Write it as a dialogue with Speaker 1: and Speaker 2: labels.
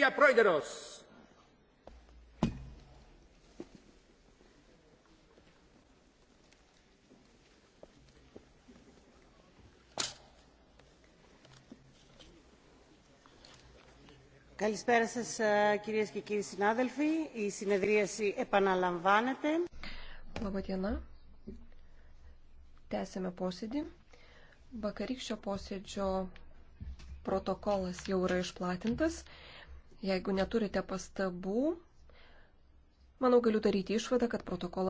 Speaker 1: Pia Proideros.
Speaker 2: Καλησπέρα σας κυρίες και κύριοι συνάδελφοι. Η συνεδρίαση επαναλαμβάνεται.
Speaker 3: Labą dieną. Tęsėme posėdį. Vakarykščio posėdžio protokolas jau yra išplatintas. Jeigu neturite pastabų, manau, galiu daryti išvadą, kad protokolas.